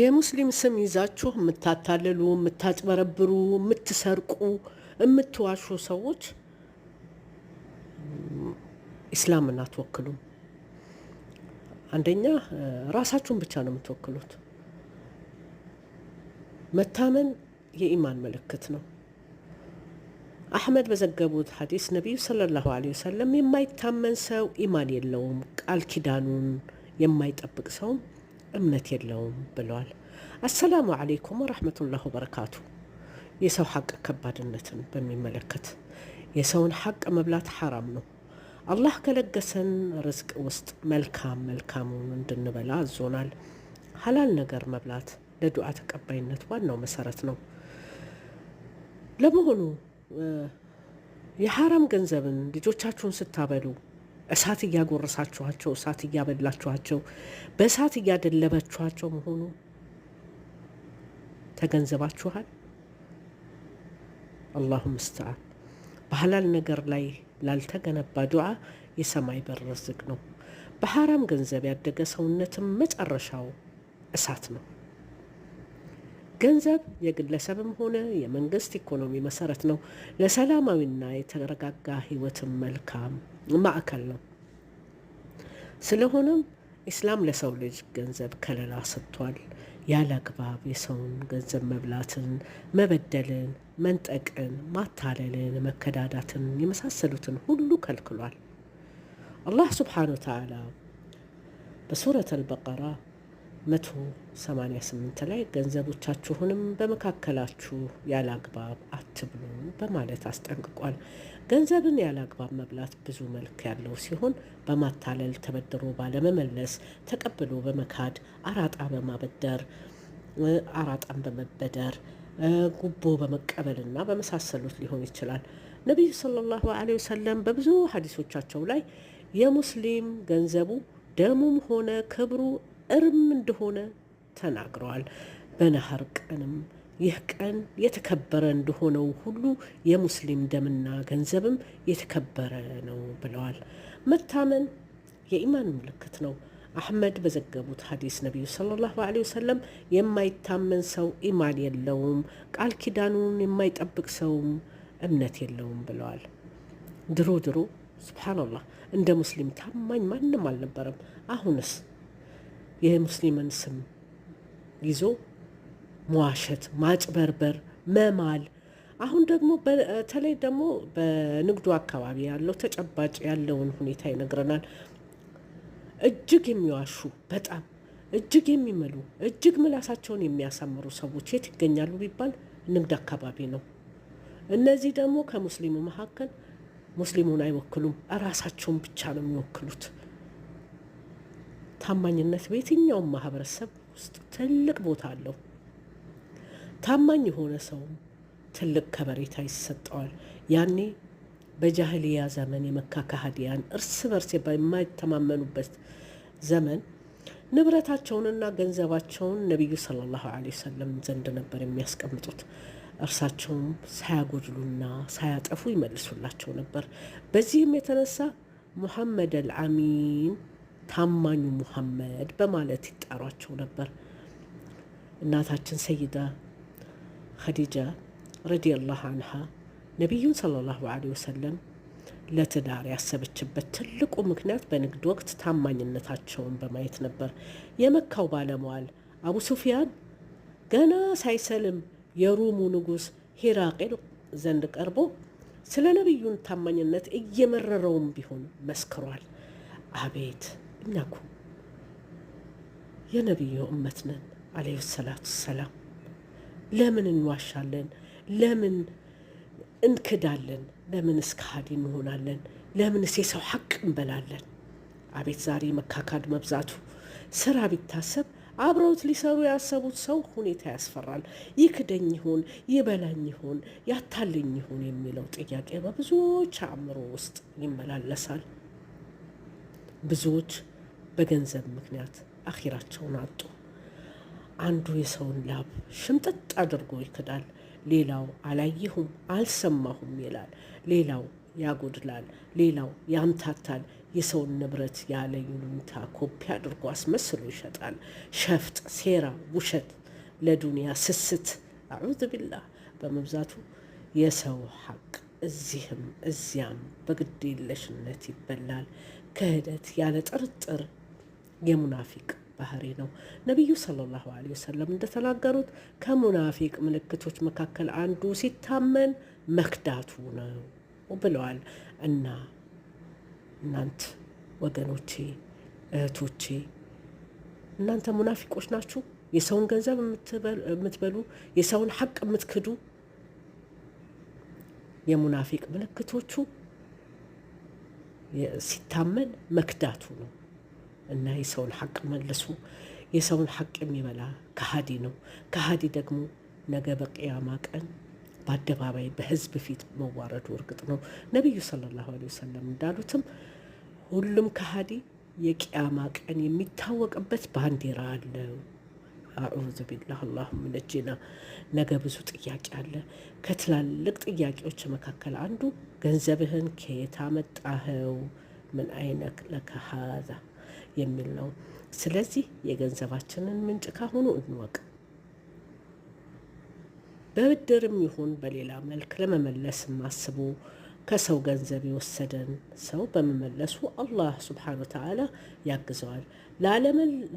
የሙስሊም ስም ይዛችሁ የምታታልሉ፣ የምታጭበረብሩ፣ የምትሰርቁ፣ የምትዋሹ ሰዎች ኢስላምን አትወክሉም። አንደኛ ራሳችሁን ብቻ ነው የምትወክሉት። መታመን የኢማን ምልክት ነው። አሕመድ በዘገቡት ሀዲስ ነቢዩ ሰለላሁ ዐለይሂ ወሰለም የማይታመን ሰው ኢማን የለውም፣ ቃል ኪዳኑን የማይጠብቅ ሰውም እምነት የለውም ብለዋል። አሰላሙ አሌይኩም ወረሕመቱላሁ በረካቱ። የሰው ሐቅ ከባድነትን በሚመለከት የሰውን ሐቅ መብላት ሐራም ነው። አላህ ከለገሰን ርዝቅ ውስጥ መልካም መልካሙን እንድንበላ አዞናል። ሀላል ነገር መብላት ለዱዓ ተቀባይነት ዋናው መሰረት ነው። ለመሆኑ የሐራም ገንዘብን ልጆቻችሁን ስታበሉ እሳት እያጎረሳችኋቸው፣ እሳት እያበላችኋቸው፣ በእሳት እያደለበችኋቸው መሆኑ ተገንዘባችኋል። አላሁ ምስተዓን። በሐላል ነገር ላይ ላልተገነባ ዱዓ የሰማይ በር ርዝቅ ነው። በሐራም ገንዘብ ያደገ ሰውነትም መጨረሻው እሳት ነው። ገንዘብ የግለሰብም ሆነ የመንግስት ኢኮኖሚ መሰረት ነው። ለሰላማዊና የተረጋጋ ህይወትም መልካም ማዕከል ነው። ስለሆነም ኢስላም ለሰው ልጅ ገንዘብ ከለላ ሰጥቷል። ያለ አግባብ የሰውን ገንዘብ መብላትን፣ መበደልን፣ መንጠቅን፣ ማታለልን፣ መከዳዳትን የመሳሰሉትን ሁሉ ከልክሏል። አላህ ስብሓነ ወተዓላ በሱረት አልበቀራ መቶ ሰማንያ ላይ ገንዘቦቻችሁንም በመካከላችሁ ያለ አግባብ አትብሉ በማለት አስጠንቅቋል። ገንዘብን ያለ አግባብ መብላት ብዙ መልክ ያለው ሲሆን በማታለል ተበድሮ ባለመመለስ፣ ተቀብሎ በመካድ፣ አራጣ በማበደር አራጣን በመበደር ጉቦ በመቀበልና በመሳሰሉት ሊሆን ይችላል። ነቢዩ ሰለላሁ ዐለይሂ ወሰለም በብዙ ሀዲሶቻቸው ላይ የሙስሊም ገንዘቡ ደሙም ሆነ ክብሩ እርም እንደሆነ ተናግረዋል። በነሐር ቀንም ይህ ቀን የተከበረ እንደሆነው ሁሉ የሙስሊም ደምና ገንዘብም የተከበረ ነው ብለዋል። መታመን የኢማን ምልክት ነው። አሕመድ በዘገቡት ሐዲስ ነቢዩ ሰለላሁ ዐለይሂ ወሰለም የማይታመን ሰው ኢማን የለውም፣ ቃል ኪዳኑን የማይጠብቅ ሰውም እምነት የለውም ብለዋል። ድሮ ድሮ ሱብሓነላህ እንደ ሙስሊም ታማኝ ማንም አልነበረም። አሁንስ የሙስሊምን ስም ይዞ መዋሸት፣ ማጭበርበር፣ መማል አሁን ደግሞ በተለይ ደግሞ በንግዱ አካባቢ ያለው ተጨባጭ ያለውን ሁኔታ ይነግረናል። እጅግ የሚዋሹ በጣም እጅግ የሚምሉ እጅግ ምላሳቸውን የሚያሳምሩ ሰዎች የት ይገኛሉ ቢባል ንግድ አካባቢ ነው። እነዚህ ደግሞ ከሙስሊሙ መካከል ሙስሊሙን አይወክሉም፣ ራሳቸውን ብቻ ነው የሚወክሉት። ታማኝነት በየትኛውም ማህበረሰብ ውስጥ ትልቅ ቦታ አለው። ታማኝ የሆነ ሰውም ትልቅ ከበሬታ ይሰጠዋል። ያኔ በጃህልያ ዘመን የመካ ካህዲያን እርስ በርስ በማይተማመኑበት ዘመን ንብረታቸውንና ገንዘባቸውን ነቢዩ ሰለላሁ ዐለይሂ ወሰለም ዘንድ ነበር የሚያስቀምጡት። እርሳቸውም ሳያጎድሉና ሳያጠፉ ይመልሱላቸው ነበር። በዚህም የተነሳ ሙሐመድ አልአሚን ታማኙ ሙሐመድ በማለት ይጠሯቸው ነበር። እናታችን ሰይዳ ኸዲጃ ረዲየላሁ አንሃ ነቢዩን ሰለላሁ ዐለይሂ ወሰለም ለትዳር ያሰበችበት ትልቁ ምክንያት በንግድ ወቅት ታማኝነታቸውን በማየት ነበር። የመካው ባለመዋል አቡ ሱፊያን ገና ሳይሰልም የሩሙ ንጉሥ ሂራቄል ዘንድ ቀርቦ ስለ ነቢዩን ታማኝነት እየመረረውም ቢሆን መስክሯል። አቤት ኢነኩም የነቢዩ እመት ነን አለይሂ ሰላቱ ሰላም። ለምን እንዋሻለን? ለምን እንክዳለን? ለምንስ ሀዲ እንሆናለን? ለምንስ የሰው ሀቅ እንበላለን? አቤት ዛሬ መካካድ መብዛቱ። ስራ ቢታሰብ አብረውት ሊሰሩ ያሰቡት ሰው ሁኔታ ያስፈራል። ይክደኝ ይሆን ይበላኝ ይሆን ያታልኝ ይሆን የሚለው ጥያቄ በብዙዎች አእምሮ ውስጥ ይመላለሳል። ብዙዎች በገንዘብ ምክንያት አኺራቸውን አጡ። አንዱ የሰውን ላብ ሽምጥጥ አድርጎ ይክዳል፣ ሌላው አላየሁም አልሰማሁም ይላል፣ ሌላው ያጎድላል፣ ሌላው ያምታታል። የሰውን ንብረት ያለ ይሉኝታ ኮፒ አድርጎ አስመስሎ ይሸጣል። ሸፍጥ፣ ሴራ፣ ውሸት፣ ለዱንያ ስስት አዑዝ ቢላ በመብዛቱ የሰው ሀቅ እዚህም እዚያም በግድ የለሽነት ይበላል። ክህደት ያለ ጥርጥር የሙናፊቅ ባህሪ ነው። ነቢዩ ሰለላሁ አለይሂ ወሰለም እንደተናገሩት ከሙናፊቅ ምልክቶች መካከል አንዱ ሲታመን መክዳቱ ነው ብለዋል። እና እናንት ወገኖቼ፣ እህቶቼ እናንተ ሙናፊቆች ናችሁ። የሰውን ገንዘብ የምትበሉ፣ የሰውን ሀቅ የምትክዱ የሙናፊቅ ምልክቶቹ ሲታመን መክዳቱ ነው። እና የሰውን ሐቅ መልሱ። የሰውን ሐቅ የሚበላ ከሃዲ ነው። ከሃዲ ደግሞ ነገ በቅያማ ቀን በአደባባይ በህዝብ ፊት መዋረዱ እርግጥ ነው። ነቢዩ ሰለላሁ ዐለይሂ ወሰለም እንዳሉትም ሁሉም ከሃዲ የቅያማ ቀን የሚታወቅበት ባንዲራ አለው። አዑዙ ቢላህ አላሁም ነጂና። ነገ ብዙ ጥያቄ አለ። ከትላልቅ ጥያቄዎች መካከል አንዱ ገንዘብህን ከየት አመጣኸው? ምን አይነት ለከሃዛ የሚል ነው። ስለዚህ የገንዘባችንን ምንጭ ካሁኑ እንወቅ። በብድርም ይሁን በሌላ መልክ ለመመለስ ማስቡ ከሰው ገንዘብ የወሰደን ሰው በመመለሱ አላህ ስብሓነ ወተዓላ ያግዘዋል።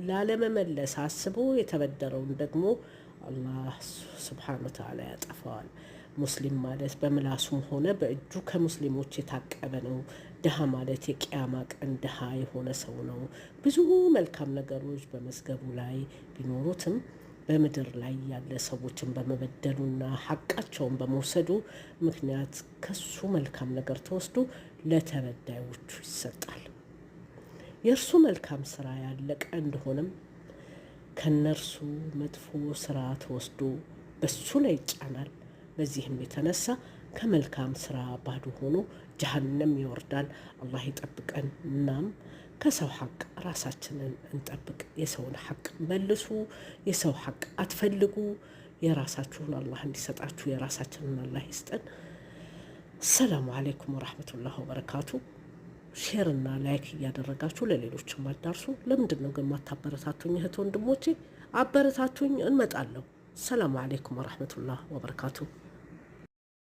ላለመመለስ አስቦ የተበደረውን ደግሞ አላህ ስብሓነ ወተዓላ ያጠፋዋል። ሙስሊም ማለት በምላሱም ሆነ በእጁ ከሙስሊሞች የታቀበ ነው። ድሃ ማለት የቅያማ ቀን ድሃ የሆነ ሰው ነው። ብዙ መልካም ነገሮች በመዝገቡ ላይ ቢኖሩትም በምድር ላይ ያለ ሰዎችን በመበደሉና ሀቃቸውን በመውሰዱ ምክንያት ከሱ መልካም ነገር ተወስዶ ለተበዳዮቹ ይሰጣል። የእርሱ መልካም ስራ ያለቀ እንደሆነም ከነርሱ መጥፎ ስራ ተወስዶ በሱ ላይ ይጫናል። በዚህም የተነሳ ከመልካም ስራ ባዶ ሆኖ ጀሀነም ይወርዳል። አላህ ይጠብቀን። እናም ከሰው ሀቅ ራሳችንን እንጠብቅ። የሰውን ሀቅ መልሱ፣ የሰው ሀቅ አትፈልጉ። የራሳችሁን አላህ እንዲሰጣችሁ የራሳችንን አላህ ይስጠን። ሰላሙ አሌይኩም ወራህመቱላህ ወበረካቱ። ሼር እና ላይክ እያደረጋችሁ ለሌሎችም አዳርሱ። ለምንድን ነው ግን ማታበረታቱኝ? እህት ወንድሞቼ አበረታቱኝ፣ እንመጣለሁ። ሰላሙ አሌይኩም ወራህመቱላህ ወበረካቱ።